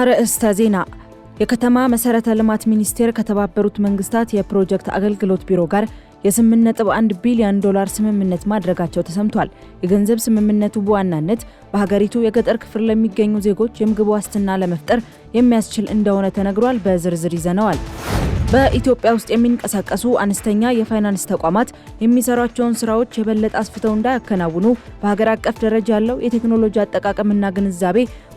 አርእስተ ዜና የከተማ መሰረተ ልማት ሚኒስቴር ከተባበሩት መንግስታት የፕሮጀክት አገልግሎት ቢሮ ጋር የ8.1 ቢሊዮን ዶላር ስምምነት ማድረጋቸው ተሰምቷል። የገንዘብ ስምምነቱ በዋናነት በሀገሪቱ የገጠር ክፍል ለሚገኙ ዜጎች የምግብ ዋስትና ለመፍጠር የሚያስችል እንደሆነ ተነግሯል። በዝርዝር ይዘነዋል። በኢትዮጵያ ውስጥ የሚንቀሳቀሱ አነስተኛ የፋይናንስ ተቋማት የሚሰሯቸውን ስራዎች የበለጠ አስፍተው እንዳያከናውኑ በሀገር አቀፍ ደረጃ ያለው የቴክኖሎጂ አጠቃቀምና ግንዛቤ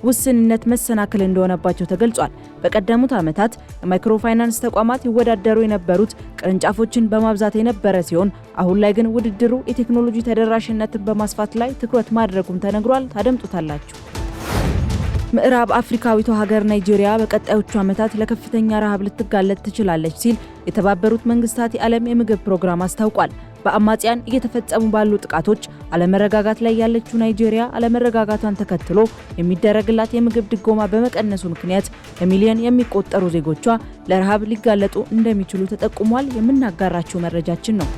ውስንነት መሰናክል እንደሆነባቸው ተገልጿል። በቀደሙት ዓመታት የማይክሮፋይናንስ ተቋማት ይወዳደሩ የነበሩት ቅርንጫፎችን በማብዛት የነበረ ሲሆን አሁን ላይ ግን ውድድሩ የቴክኖሎጂ ተደራሽነትን በማስፋት ላይ ትኩረት ማድረጉም ተነግሯል። ታደምጡታላችሁ። ምዕራብ አፍሪካዊቷ ሀገር ናይጄሪያ በቀጣዮቹ ዓመታት ለከፍተኛ ረሃብ ልትጋለጥ ትችላለች ሲል የተባበሩት መንግስታት የዓለም የምግብ ፕሮግራም አስታውቋል። በአማጽያን እየተፈጸሙ ባሉ ጥቃቶች አለመረጋጋት ላይ ያለችው ናይጄሪያ አለመረጋጋቷን ተከትሎ የሚደረግላት የምግብ ድጎማ በመቀነሱ ምክንያት በሚሊዮን የሚቆጠሩ ዜጎቿ ለረሃብ ሊጋለጡ እንደሚችሉ ተጠቁሟል። የምናጋራቸው መረጃችን ነው።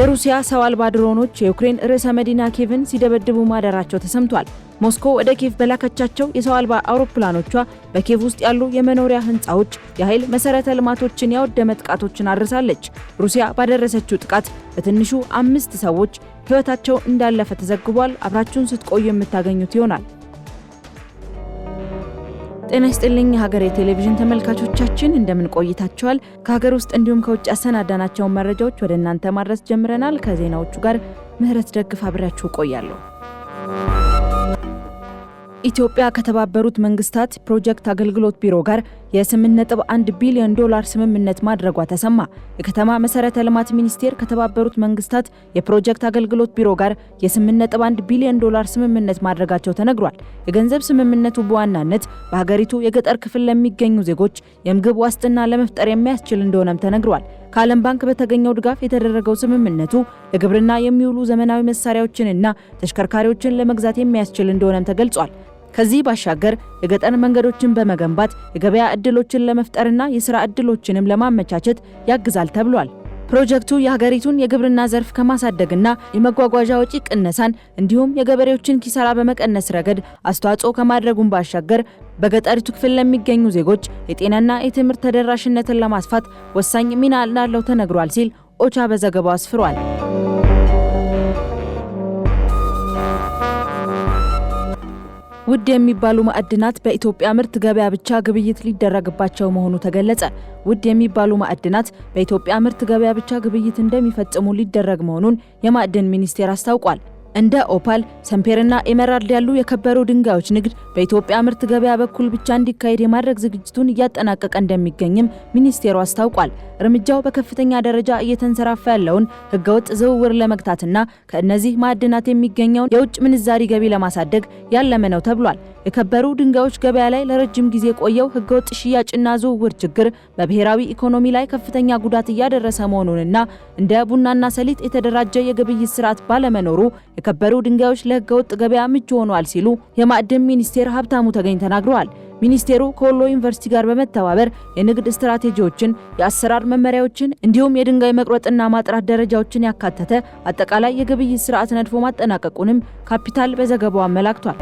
የሩሲያ ሰው አልባ ድሮኖች የዩክሬን ርዕሰ መዲና ኪየቭን ሲደበድቡ ማደራቸው ተሰምቷል። ሞስኮ ወደ ኬቭ በላከቻቸው የሰው አልባ አውሮፕላኖቿ በኬቭ ውስጥ ያሉ የመኖሪያ ህንፃዎች፣ የኃይል መሰረተ ልማቶችን ያወደመ ጥቃቶችን አድርሳለች። ሩሲያ ባደረሰችው ጥቃት በትንሹ አምስት ሰዎች ህይወታቸው እንዳለፈ ተዘግቧል። አብራችሁን ስትቆዩ የምታገኙት ይሆናል። ጤና ይስጥልኝ የሀገሬ ቴሌቪዥን ተመልካቾቻችን፣ እንደምን ቆይታችኋል? ከሀገር ውስጥ እንዲሁም ከውጭ አሰናዳናቸውን መረጃዎች ወደ እናንተ ማድረስ ጀምረናል። ከዜናዎቹ ጋር ምህረት ደግፍ አብሬያችሁ ቆያለሁ። ኢትዮጵያ ከተባበሩት መንግስታት ፕሮጀክት አገልግሎት ቢሮ ጋር የ8.1 ቢሊዮን ዶላር ስምምነት ማድረጓ ተሰማ። የከተማ መሰረተ ልማት ሚኒስቴር ከተባበሩት መንግስታት የፕሮጀክት አገልግሎት ቢሮ ጋር የ8.1 ቢሊዮን ዶላር ስምምነት ማድረጋቸው ተነግሯል። የገንዘብ ስምምነቱ በዋናነት በሀገሪቱ የገጠር ክፍል ለሚገኙ ዜጎች የምግብ ዋስትና ለመፍጠር የሚያስችል እንደሆነም ተነግሯል። ከዓለም ባንክ በተገኘው ድጋፍ የተደረገው ስምምነቱ ለግብርና የሚውሉ ዘመናዊ መሳሪያዎችንና ተሽከርካሪዎችን ለመግዛት የሚያስችል እንደሆነም ተገልጿል። ከዚህ ባሻገር የገጠር መንገዶችን በመገንባት የገበያ ዕድሎችን ለመፍጠርና የሥራ ዕድሎችንም ለማመቻቸት ያግዛል ተብሏል። ፕሮጀክቱ የሀገሪቱን የግብርና ዘርፍ ከማሳደግና የመጓጓዣ ወጪ ቅነሳን እንዲሁም የገበሬዎችን ኪሳራ በመቀነስ ረገድ አስተዋጽኦ ከማድረጉን ባሻገር በገጠሪቱ ክፍል ለሚገኙ ዜጎች የጤናና የትምህርት ተደራሽነትን ለማስፋት ወሳኝ ሚና እንዳለው ተነግሯል ሲል ኦቻ በዘገባው አስፍሯል። ውድ የሚባሉ ማዕድናት በኢትዮጵያ ምርት ገበያ ብቻ ግብይት ሊደረግባቸው መሆኑ ተገለጸ። ውድ የሚባሉ ማዕድናት በኢትዮጵያ ምርት ገበያ ብቻ ግብይት እንደሚፈጽሙ ሊደረግ መሆኑን የማዕድን ሚኒስቴር አስታውቋል። እንደ ኦፓል፣ ሰምፔርና ኤመራልድ ያሉ የከበሩ ድንጋዮች ንግድ በኢትዮጵያ ምርት ገበያ በኩል ብቻ እንዲካሄድ የማድረግ ዝግጅቱን እያጠናቀቀ እንደሚገኝም ሚኒስቴሩ አስታውቋል። እርምጃው በከፍተኛ ደረጃ እየተንሰራፋ ያለውን ህገወጥ ዝውውር ለመግታትና ከእነዚህ ማዕድናት የሚገኘውን የውጭ ምንዛሪ ገቢ ለማሳደግ ያለመ ነው ተብሏል። የከበሩ ድንጋዮች ገበያ ላይ ለረጅም ጊዜ የቆየው ህገወጥ ሽያጭና ዝውውር ችግር በብሔራዊ ኢኮኖሚ ላይ ከፍተኛ ጉዳት እያደረሰ መሆኑንና እንደ ቡናና ሰሊጥ የተደራጀ የግብይት ስርዓት ባለመኖሩ የከበሩ ድንጋዮች ለህገወጥ ገበያ ምቹ ሆኗል ሲሉ የማዕድን ሚኒስቴር ሀብታሙ ተገኝ ተናግረዋል። ሚኒስቴሩ ከወሎ ዩኒቨርሲቲ ጋር በመተባበር የንግድ ስትራቴጂዎችን፣ የአሰራር መመሪያዎችን እንዲሁም የድንጋይ መቁረጥና ማጥራት ደረጃዎችን ያካተተ አጠቃላይ የግብይት ስርዓት ነድፎ ማጠናቀቁንም ካፒታል በዘገባው አመላክቷል።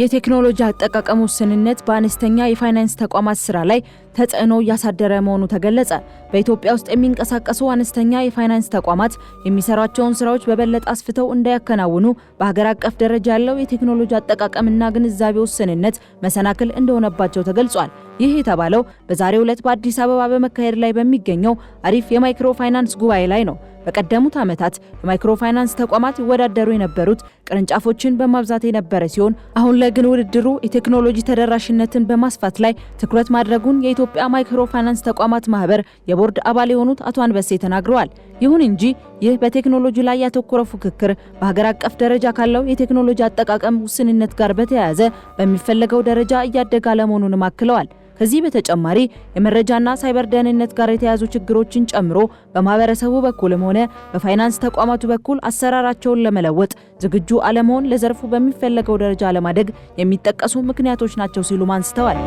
የቴክኖሎጂ አጠቃቀም ውስንነት በአነስተኛ የፋይናንስ ተቋማት ስራ ላይ ተጽዕኖ እያሳደረ መሆኑ ተገለጸ። በኢትዮጵያ ውስጥ የሚንቀሳቀሱ አነስተኛ የፋይናንስ ተቋማት የሚሰሯቸውን ስራዎች በበለጠ አስፍተው እንዳያከናውኑ በሀገር አቀፍ ደረጃ ያለው የቴክኖሎጂ አጠቃቀምና ግንዛቤ ውስንነት መሰናክል እንደሆነባቸው ተገልጿል። ይህ የተባለው በዛሬው ዕለት በአዲስ አበባ በመካሄድ ላይ በሚገኘው አሪፍ የማይክሮ ፋይናንስ ጉባኤ ላይ ነው። በቀደሙት ዓመታት በማይክሮ ፋይናንስ ተቋማት ይወዳደሩ የነበሩት ቅርንጫፎችን በማብዛት የነበረ ሲሆን አሁን ላይ ግን ውድድሩ የቴክኖሎጂ ተደራሽነትን በማስፋት ላይ ትኩረት ማድረጉን የኢትዮጵያ ማይክሮ ፋይናንስ ተቋማት ማህበር የቦርድ አባል የሆኑት አቶ አንበሴ ተናግረዋል። ይሁን እንጂ ይህ በቴክኖሎጂ ላይ ያተኮረ ፉክክር በሀገር አቀፍ ደረጃ ካለው የቴክኖሎጂ አጠቃቀም ውስንነት ጋር በተያያዘ በሚፈለገው ደረጃ እያደገ አለመሆኑንም አክለዋል። ከዚህ በተጨማሪ የመረጃና ሳይበር ደህንነት ጋር የተያያዙ ችግሮችን ጨምሮ በማህበረሰቡ በኩልም ሆነ በፋይናንስ ተቋማቱ በኩል አሰራራቸውን ለመለወጥ ዝግጁ አለመሆን ለዘርፉ በሚፈለገው ደረጃ አለማደግ የሚጠቀሱ ምክንያቶች ናቸው ሲሉም አንስተዋል።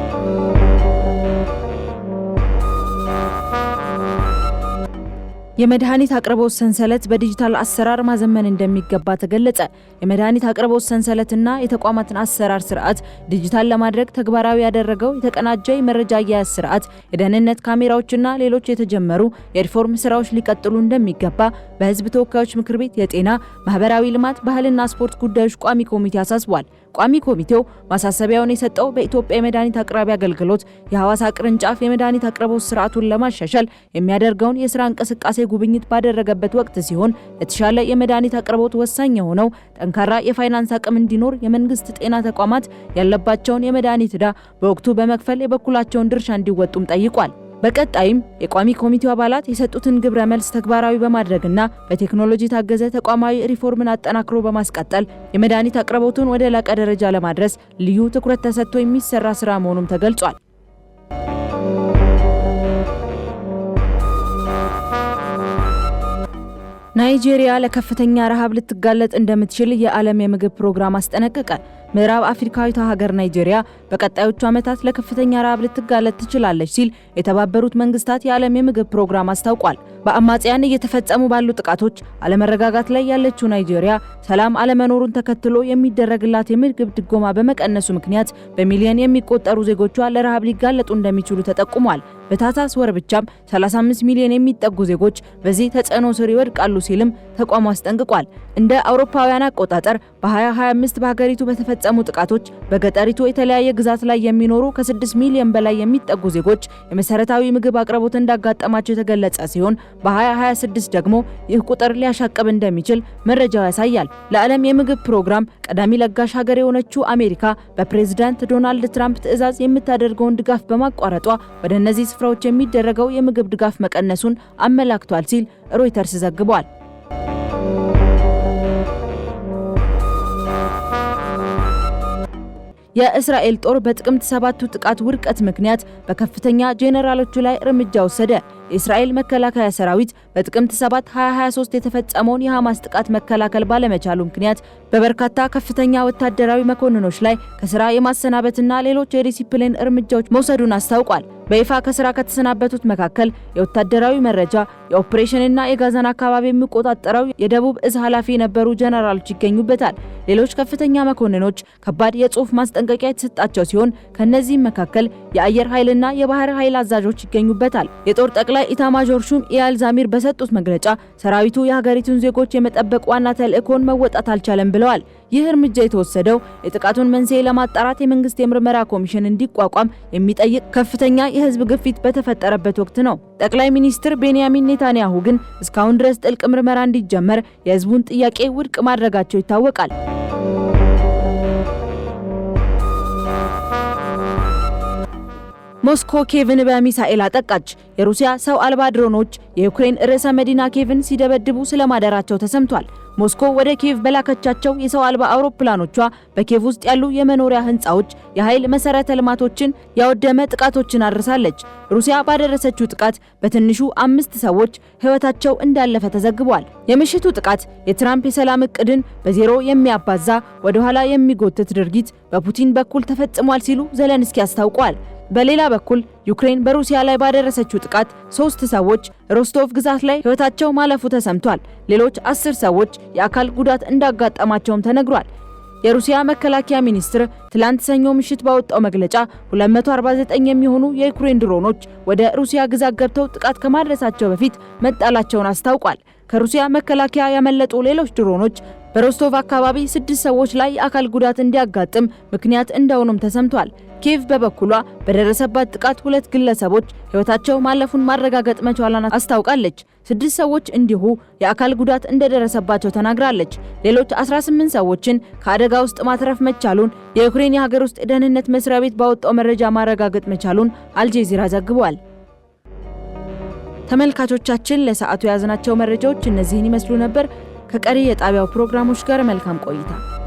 የመድኃኒት አቅርቦት ሰንሰለት በዲጂታል አሰራር ማዘመን እንደሚገባ ተገለጸ። የመድኃኒት አቅርቦት ሰንሰለትና የተቋማትን አሰራር ስርዓት ዲጂታል ለማድረግ ተግባራዊ ያደረገው የተቀናጀ የመረጃ አያያዝ ስርዓት፣ የደህንነት ካሜራዎችና ሌሎች የተጀመሩ የሪፎርም ስራዎች ሊቀጥሉ እንደሚገባ በህዝብ ተወካዮች ምክር ቤት የጤና ማህበራዊ ልማት፣ ባህልና ስፖርት ጉዳዮች ቋሚ ኮሚቴ አሳስቧል። ቋሚ ኮሚቴው ማሳሰቢያውን የሰጠው በኢትዮጵያ የመድኃኒት አቅራቢ አገልግሎት የሐዋሳ ቅርንጫፍ የመድኃኒት አቅርቦት ስርዓቱን ለማሻሻል የሚያደርገውን የስራ እንቅስቃሴ ጉብኝት ባደረገበት ወቅት ሲሆን የተሻለ የመድኃኒት አቅርቦት ወሳኝ የሆነው ጠንካራ የፋይናንስ አቅም እንዲኖር የመንግስት ጤና ተቋማት ያለባቸውን የመድኃኒት ዕዳ በወቅቱ በመክፈል የበኩላቸውን ድርሻ እንዲወጡም ጠይቋል። በቀጣይም የቋሚ ኮሚቴው አባላት የሰጡትን ግብረ መልስ ተግባራዊ በማድረግና በቴክኖሎጂ ታገዘ ተቋማዊ ሪፎርምን አጠናክሮ በማስቀጠል የመድኃኒት አቅርቦቱን ወደ ላቀ ደረጃ ለማድረስ ልዩ ትኩረት ተሰጥቶ የሚሰራ ስራ መሆኑም ተገልጿል። ናይጄሪያ ለከፍተኛ ረሃብ ልትጋለጥ እንደምትችል የዓለም የምግብ ፕሮግራም አስጠነቀቀ። ምዕራብ አፍሪካዊቷ ሀገር ናይጄሪያ በቀጣዮቹ ዓመታት ለከፍተኛ ረሃብ ልትጋለጥ ትችላለች ሲል የተባበሩት መንግስታት የዓለም የምግብ ፕሮግራም አስታውቋል። በአማጽያን እየተፈጸሙ ባሉ ጥቃቶች አለመረጋጋት ላይ ያለችው ናይጄሪያ ሰላም አለመኖሩን ተከትሎ የሚደረግላት የምግብ ድጎማ በመቀነሱ ምክንያት በሚሊዮን የሚቆጠሩ ዜጎቿ ለረሃብ ሊጋለጡ እንደሚችሉ ተጠቁሟል። በታህሳስ ወር ብቻም 35 ሚሊዮን የሚጠጉ ዜጎች በዚህ ተጽዕኖ ስር ይወድቃሉ ሲልም ተቋሙ አስጠንቅቋል። እንደ አውሮፓውያን አቆጣጠር በ2025 በሀገሪቱ በተፈ በሚፈጸሙ ጥቃቶች በገጠሪቱ የተለያየ ግዛት ላይ የሚኖሩ ከ6 ሚሊዮን በላይ የሚጠጉ ዜጎች የመሰረታዊ ምግብ አቅርቦት እንዳጋጠማቸው የተገለጸ ሲሆን በ2026 ደግሞ ይህ ቁጥር ሊያሻቅብ እንደሚችል መረጃው ያሳያል። ለዓለም የምግብ ፕሮግራም ቀዳሚ ለጋሽ ሀገር የሆነችው አሜሪካ በፕሬዝዳንት ዶናልድ ትራምፕ ትዕዛዝ የምታደርገውን ድጋፍ በማቋረጧ ወደ እነዚህ ስፍራዎች የሚደረገው የምግብ ድጋፍ መቀነሱን አመላክቷል ሲል ሮይተርስ ዘግቧል። የእስራኤል ጦር በጥቅምት ሰባቱ ጥቃት ውድቀት ምክንያት በከፍተኛ ጄኔራሎቹ ላይ እርምጃ ወሰደ። የእስራኤል መከላከያ ሰራዊት በጥቅምት 7 2023 የተፈጸመውን የሐማስ ጥቃት መከላከል ባለመቻሉ ምክንያት በበርካታ ከፍተኛ ወታደራዊ መኮንኖች ላይ ከስራ የማሰናበትና ሌሎች የዲሲፕሊን እርምጃዎች መውሰዱን አስታውቋል። በይፋ ከስራ ከተሰናበቱት መካከል የወታደራዊ መረጃ የኦፕሬሽንና የጋዛን አካባቢ የሚቆጣጠረው የደቡብ እዝ ኃላፊ የነበሩ ጀነራሎች ይገኙበታል። ሌሎች ከፍተኛ መኮንኖች ከባድ የጽሁፍ ማስጠንቀቂያ የተሰጣቸው ሲሆን ከእነዚህም መካከል የአየር ኃይልና የባህር ኃይል አዛዦች ይገኙበታል። የጦር ጠቅላይ ኢታማዦር ሹም ኢያል ዛሚር በሰጡት መግለጫ ሰራዊቱ የሀገሪቱን ዜጎች የመጠበቅ ዋና ተልእኮን መወጣት አልቻለም ብለዋል። ይህ እርምጃ የተወሰደው የጥቃቱን መንስኤ ለማጣራት የመንግስት የምርመራ ኮሚሽን እንዲቋቋም የሚጠይቅ ከፍተኛ የህዝብ ግፊት በተፈጠረበት ወቅት ነው። ጠቅላይ ሚኒስትር ቤንያሚን ኔታንያሁ ግን እስካሁን ድረስ ጥልቅ ምርመራ እንዲጀመር የህዝቡን ጥያቄ ውድቅ ማድረጋቸው ይታወቃል። ሞስኮ ኬቭን በሚሳኤል አጠቃች። የሩሲያ ሰው አልባ ድሮኖች የዩክሬን ርዕሰ መዲና ኬቭን ሲደበድቡ ስለማደራቸው ተሰምቷል። ሞስኮ ወደ ኪየቭ በላከቻቸው የሰው አልባ አውሮፕላኖቿ በኪየቭ ውስጥ ያሉ የመኖሪያ ህንፃዎች፣ የኃይል መሰረተ ልማቶችን ያወደመ ጥቃቶችን አድርሳለች። ሩሲያ ባደረሰችው ጥቃት በትንሹ አምስት ሰዎች ህይወታቸው እንዳለፈ ተዘግቧል። የምሽቱ ጥቃት የትራምፕ የሰላም እቅድን በዜሮ የሚያባዛ ወደኋላ የሚጎትት ድርጊት በፑቲን በኩል ተፈጽሟል ሲሉ ዘለንስኪ አስታውቋል። በሌላ በኩል ዩክሬን በሩሲያ ላይ ባደረሰችው ጥቃት ሶስት ሰዎች ሮስቶቭ ግዛት ላይ ህይወታቸው ማለፉ ተሰምቷል። ሌሎች አስር ሰዎች የአካል ጉዳት እንዳጋጠማቸውም ተነግሯል። የሩሲያ መከላከያ ሚኒስትር ትላንት ሰኞ ምሽት ባወጣው መግለጫ 249 የሚሆኑ የዩክሬን ድሮኖች ወደ ሩሲያ ግዛት ገብተው ጥቃት ከማድረሳቸው በፊት መጣላቸውን አስታውቋል። ከሩሲያ መከላከያ ያመለጡ ሌሎች ድሮኖች በሮስቶቭ አካባቢ ስድስት ሰዎች ላይ የአካል ጉዳት እንዲያጋጥም ምክንያት እንደሆኑም ተሰምቷል። ኪየቭ በበኩሏ በደረሰባት ጥቃት ሁለት ግለሰቦች ህይወታቸው ማለፉን ማረጋገጥ መቻሏን አስታውቃለች። ስድስት ሰዎች እንዲሁ የአካል ጉዳት እንደደረሰባቸው ተናግራለች። ሌሎች 18 ሰዎችን ከአደጋ ውስጥ ማትረፍ መቻሉን የዩክሬን የሀገር ውስጥ ደህንነት መስሪያ ቤት ባወጣው መረጃ ማረጋገጥ መቻሉን አልጄዚራ ዘግቧል። ተመልካቾቻችን ለሰዓቱ የያዝናቸው መረጃዎች እነዚህን ይመስሉ ነበር። ከቀሪ የጣቢያው ፕሮግራሞች ጋር መልካም ቆይታ